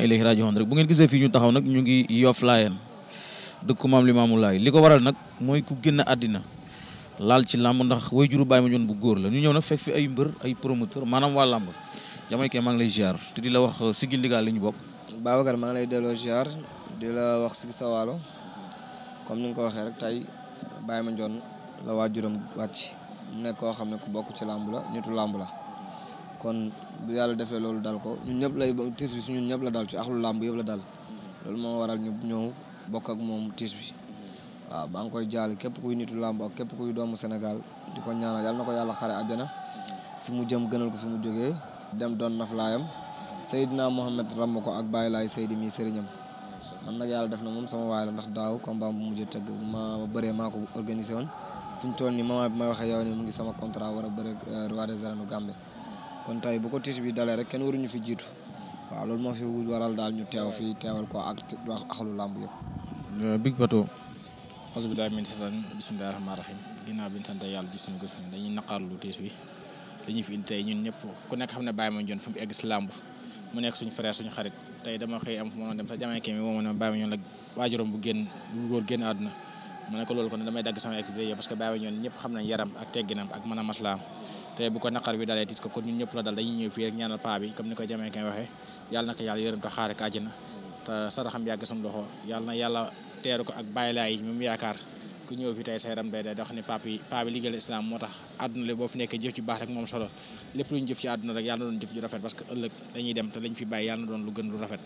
inna ilayhi raji'un rek bu ngeen gisee fii ñu taxaw nag ñu ngi Yoff Laayeen li maam mu Laay li ko waral nag mooy ku génn àddina laal ci làmb ndax way juru bàyyi ma ñoon bu góor la ñu ñëw nag fekk fi ay mbër ay promoteur maanaam waa làmb jamay kee maa ngi lay ziar te di la wax uh, sigi ndigal li ñu bokk Babacar maa ngi lay delloo ziar di la wax sigi sawaalo comme ni nga ko waxee rek tey baay ma njoon la waajuram wàcc mu nekk koo xam ne ku bokk ci làmb la nitu làmb la kon bu yàlla defee loolu dal ko ñun ñëpp lay tiis bi su ñun ñëpp la dal ci axlu làmb yëpp la dal loolu moo waral ñu ñëw bokk ak moom tiis bi waaw maa ngi koy jaal képp kuy nitu làmb ak képp kuy doomu senegal di ko ñaanal yàlla na ko yàlla xare àjjana fi mu jëm gënal ko fi mu jógee dem doon naflaayam Seydina Mohamed ramm ko ak baay Laay Seydi mii sëriñam man nag yàlla def na moom sama waay la ndax daaw combat bu mujj tëgg ma bëree maa ko organisé woon fi ñu toll nii moment bi may waxee yow ngi sama contrat war a bëre euh, roi des kon tey bu ko tiis bi dalee rek kenn waruñu fi jiitu waaw loolu moo fi waral daal ñu teew fii teewal ko ak wax axalu làmb yëpp. Euh, Big Pato. asbilahi min satan bismillahi rahmani rahim ginnaaw bi ñu sant yàlla gis suñu gis dañuy naqaar lu tiis bi dañuy fi indi tey ñun ñëpp ku nekk xam ne bàyyi ma joon fu mu egg si làmb mu nekk suñu frère suñu xarit tey dama xëy am fu ma dem sa jamaay kii mi moom ne bàyyi ma ñoon la waajuram bu génn bu góor génn àdduna ma ne ko loolu kon damay dagg sama équipe parce que bàyyi ma ñoon ñëpp xam nañ yaram ak tegginam ak mën a maslaam te bu ko naqar bi dalee tis ko kon ñun ñëpp la dal dañuy ñëw fii rek ñaanal paa bi ni ko jamee kay waxee yàlla na ko yàlla yërëm te xaare ko àjjana te saraxam yàgg sam loxo yàlla na yàlla teeru ko ak bàyyi laay yi moom yaakaar ku ñëw fi tey say ram day day dox ne paa bi paa bi moo tax àdduna li boo fi nekkee jëf ci baax rek moom solo lépp lu ñu jëf ci àdduna rek yàlla na doon jëf ju rafet parce que ëllëg dañuy dem te lañ fi bàyyi yàlla na doon lu gën lu rafet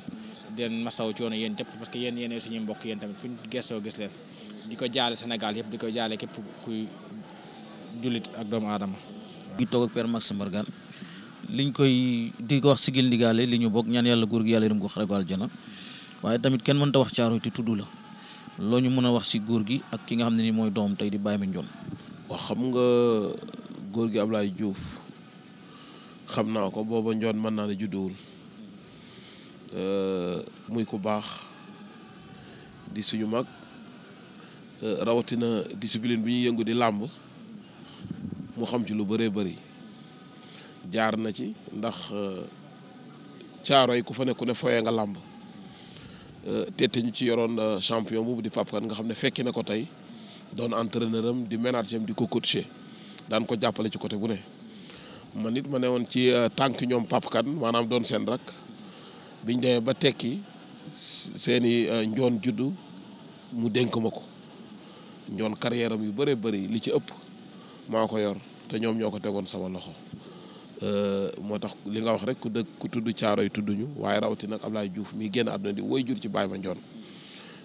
den masaw coono yéen parce que yéen yéene suñuy mbokk yéen tamit fu gestoo gis leen di ko jaale Sénégal yëpp di ko jaale képp kuy jullit doomu aadama ngi toog ak père Max Mbargane liñ koy di ko wax sigil ndigaale li ñu bokk ñaan yàlla góor gi yàlla yërëm ko xare ko aljana waaye tamit kenn mënta wax caaroy te tudd la loo ñu mën a wax si góor gi ak ki nga xam ne nii mooy doom tey di bàyyi ma njoon waaw xam nga góor gi Ablaye Diouf xam naa ko booba njoon mën naa ne judduwul euh, muy ku baax di suñu mag euh, rawatina discipline bi ñuy yëngu di làmb mu xam ci lu bëree bëri jaar na ci ndax euh, caaro yi ku fa ne ne foyee nga làmb euh, te te ñu ci yoroon euh, champion boobu di Pape nga xam ne fekki na ko tey doon entreneur am di manager am di ko coacher daan ko jàppale ci côté bu ne man nit ma ne woon ci tànk ñoom Pape maanaam doon seen rak biñ demee ba tekki seeni njoon juddu mu dénk ma ko njoon carrière am yu bëree bëri li ci ëpp maa ko yor te ñoom ñoo ko tegoon sama loxo euh, moo tax li nga wax rek ku dëkk ku tudd Caaroy tudd ñu waaye rawatina nag Ablaye Diouf mii génn àdduna di woy jur ci baay ba njoon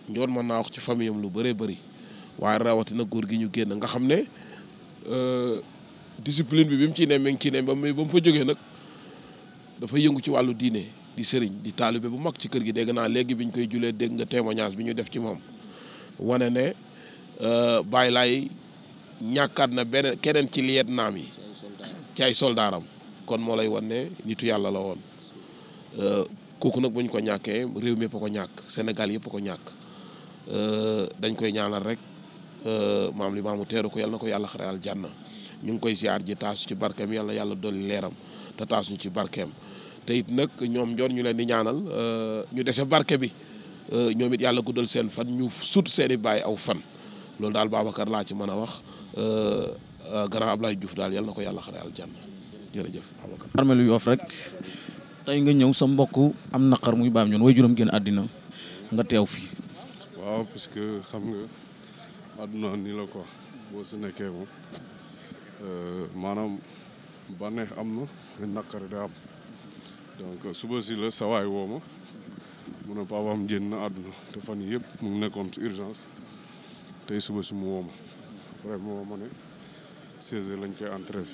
njoon mën naa wax ci famille am lu bëree bari waaye rawatina góor gi ñu génn nga xam ne euh, discipline bi bi mu ci ne mi ngi ciy ne ba mu fa jógee nag dafa yëngu ci wàllu diine di sëriñ di taalibe bu mag ci kër gi dégg naa léegi bi biñ koy julee dégg nga témoignage bi ñu def ci moom wane ne euh, bàyyi laay ñàkkaat na beneen keneen ci liet naam yi ci ay soldaaram kon moo lay wan ne nitu yàlla la woon euh, kooku nag bu ñu ko ñàkkee réew mi yëpp a ko ñàkk Sénégal yëpp a ko ñàkk euh, dañ koy ñaanal rek euh, maam li maamu teeru ko yal na ko yàlla xare aljanna ñu ngi koy ziar ji taasu ci barkeem yàlla yàlla dolli leeram te taasuñu ci barkeem te it nag ñoom njoon ñu leen di ñaanal ñu dese barke bi ñoom it yàlla guddal seen fan ñu sut seeni i bàyyi aw fan loolu daal Babacar laa ci mën a wax euh, euh, grand Ablaye Diouf daal yal na ko yàlla xare aljanna jërëjëf Babacar. armeel nga ñëw sa mbokk am naqar muy baam ñoon way juróom génn nga teew fii. waaw parce que xam nga àdduna ni la ko boo si nekkee moom euh, maanaam bànneex am na naqar da am donc suba si la sawaay woo mun a papaam génn na àdduna te fan yëpp mu ngi nekkoon ci urgence. tey suba si mu woo ma bref mu woo ne 16 lañ koy entrevue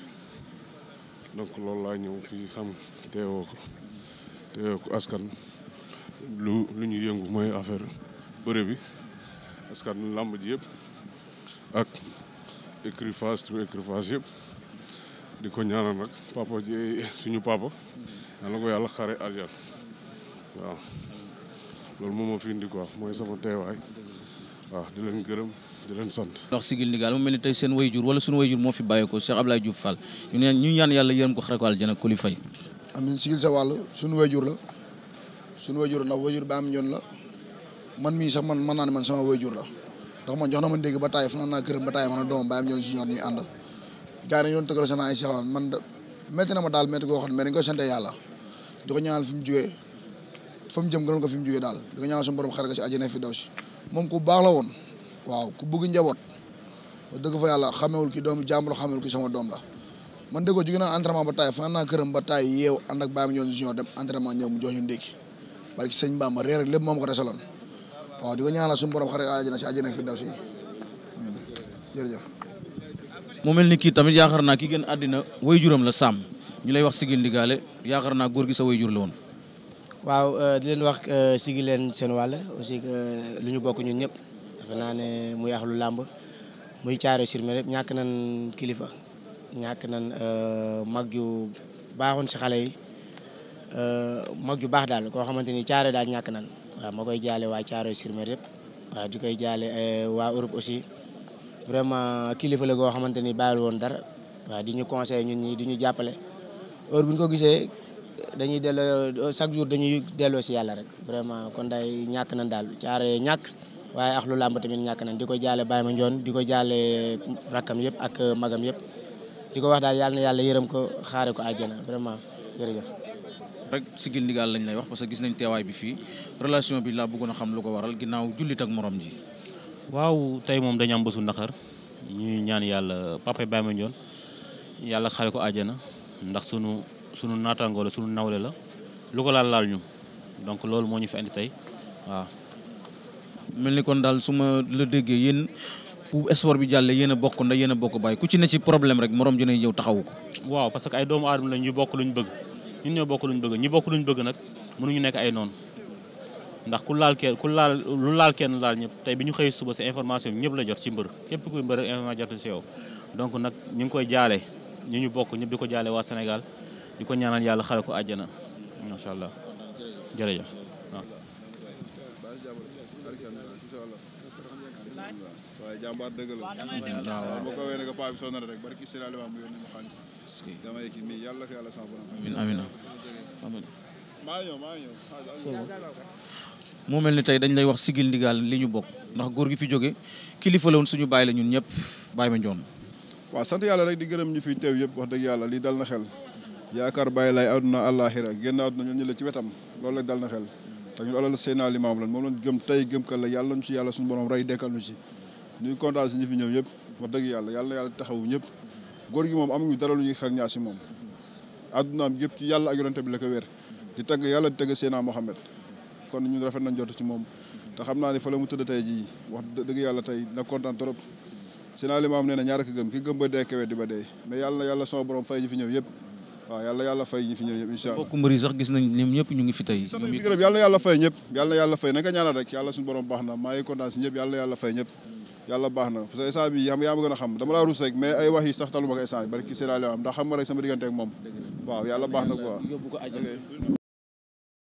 donc loolu laa ñëw fii xam teewoo ko teewoo ko askan lu lu ñu yëngu mooy affaire bëre bi askan làmb ji yëpp ak écrit phase tout yëpp di ko ñaanal nag papa ji suñu papa yàlla ko yàlla xare aljana waaw loolu moom moo fi indi mooy sama teewaay waaw di leen gërëm di leen sant. ndax sigil ndigal mu mel ni tey seen wayjur wala sunu wayjur moo fi bàyyeekoo Cheikh Abdoulaye Diouf Fall ñu ne ñu ñaan yàlla yërëm ko xare ko aljana kuli fay. amiin sigil sa wàll sunu wayjur la sunu wayjur ndax wayjur ba am ñoon la man mii sax man mën naa ne man sama wayjur la ndax man jox na ma dégg ba taay fanaan naa gërëm man a doomam ba am ñoon si ñoon ñuy ànd gars yi doon tëggal sa naa ay seexlaan man da na ma daal métti koo xam ne mais dañ ko sante yàlla di ko ñaanal fi mu jógee fa mu jëm gënal ko fi mu jógee daal di ko ñaanal suñu borom xare ko si àjjana fi daw si moom ku baax la woon waaw ku bëgg njaboot dëgg fa yàlla xamewul ki doomu jàmbur xamewul ki sama doom la man déggoo jóge naa entraînement ba taay fanaan naa këram ba taay yeew ànd ak bàyyi ma ñoon junior dem entraînement ñëw mu jox ñu ndékki barki sëñ Bamba réer ak lépp moom ko resaloon waaw di ko ñaanal suñu borom xare na si àjjana fi daw si jërëjëf mu mel ni kii tamit yaakaar naa ki gën àddina way juram la sàmm ñu lay wax sigil ndigaale yaakaar naa góor gi sa way jur la woon waaw euh, di leen wax euh, sigi leen seen walla aussi que euh, lu ñu bokk ñun ñëpp dafa naa ne muy lu làmb muy caare sur mer ñàkk nañ kilifa ñàkk nañ mag ju baaxoon si xale yi mag ju baax daal koo xamante ni caare daal ñàkk nañ waaw ma koy jaale waa caare sur yëpp waaw di koy jaale waa Europe aussi vraiment kilifa la goo xamante ni bàyyil woon dara waaw di ñu conseillé ñun ñi di ñu jàppale heure bu ko gisee dañuy delloo chaque jour dañuy delloo si yàlla rek vraiment kon day ñàkk nañ daal caare ñàkk waaye ak lu làmb tamit ñàkk nañ di ko jaale ma Mandione di ko jaale rakkam yëpp ak magam yëpp di ko wax daal yàlla na yàlla yërëm ko xaare ko àjjana vraiment jërëjëf. rek sigil ndigal lañ lay wax parce que gis nañ teewaay bi fii relation bi laa bëggoon a xam lu ko waral ginnaaw jullit ak morom ji. waaw tey moom dañu am bésu naqar ñuy ñaan yàlla papa Baye Mandione yàlla xaare ko àjjana ndax sunu. sunu naataangoo la sunu nawle la lu ko laal laal ñu donc loolu moo ñu fi andi tey waaw. mel ni kon daal su ma la déggee yéen bu espoir bi jàllee yéen a bokk ndax yéen a bokk ku ci ne ci problème rek morom dinañ ñëw taxawu ko. waaw parce que ay doomu aadama lañ ñu bokk luñ bëgg ñu ñoo bokk luñ bëgg ñi bokk luñ bëgg nag mënuñu nekk ay noon ndax ku laal kenn ku laal lu laal kenn laal ñëpp tey bi ñu xëyee suba si information bi ñëpp la jot ci mbër képp kuy mbër information jot ci yow donc nag ñu ngi koy jaale ñu ñu bokk ñëpp di ko jaalee waa Sénégal. di ko ñaanal yàlla xale ko àjjana macha allah jërëjëf waaw. waaye jàmbaar dëgg la boo ko wéy rek barki Sëriñ Aliou mu dama yàlla yàlla sama borom amiin moo mel ni tey dañ lay wax sigil ndigaal li ñu bokk ndax góor gi fi jóge kilifa suñu bàyyi la ñun ñëpp bàyyi ma njoon waaw sant yàlla rek di gërëm ñu fi teew yëpp wax dëgg yàlla lii dal na xel yaakaar bàyyi laay àdduna àllaaxira génn àdduna ñoom ñu la ci wetam loolu rek dal na xel te ñun alal Seydina Limaamu lan moom lañ gëm tey gëm ka la yàlla ñu suñu borom rey dekkal ñu ci ñuy kontaan si fi ñëw yëpp wax dëgg yàlla yàlla yàlla taxawu ñëpp góor gi moom amuñu dara ñuy xel ñaar si moom addunaam yëpp ci yàlla ak bi la ko wér di tagg yàlla di tagg Seydina Mohamed kon ñu rafet nañ jot ci moom te xam naa ne fa la mu tëdd tey jii wax dëgg yàlla tey na kontaan trop Seydina Limaamu nee na ñaar ak gëm ki gëm ba dee kawe di ba dee mais yàlla na yàlla sama borom fay ñi fi ñëw yëpp waaw yàlla yàlla fay ñi fi ñëw ñëpp incha allah mbokku mbër yi sax gis nañ ñoom ñëpp ñu ngi fi tey sant bi yàlla yàlla fay ñëpp yàlla yàlla fay naka ñaanal rek yàlla suñu borom baax na maa ngi kontaan yàlla yàlla fay ñëpp yàlla baax na parce que instant bi xam yaa ma gën a xam dama laa rus rek mais ay wax sax taluma ko instant bi bari ki séeraale am ndax xam nga rek sama diggante moom waaw yàlla baax na quoi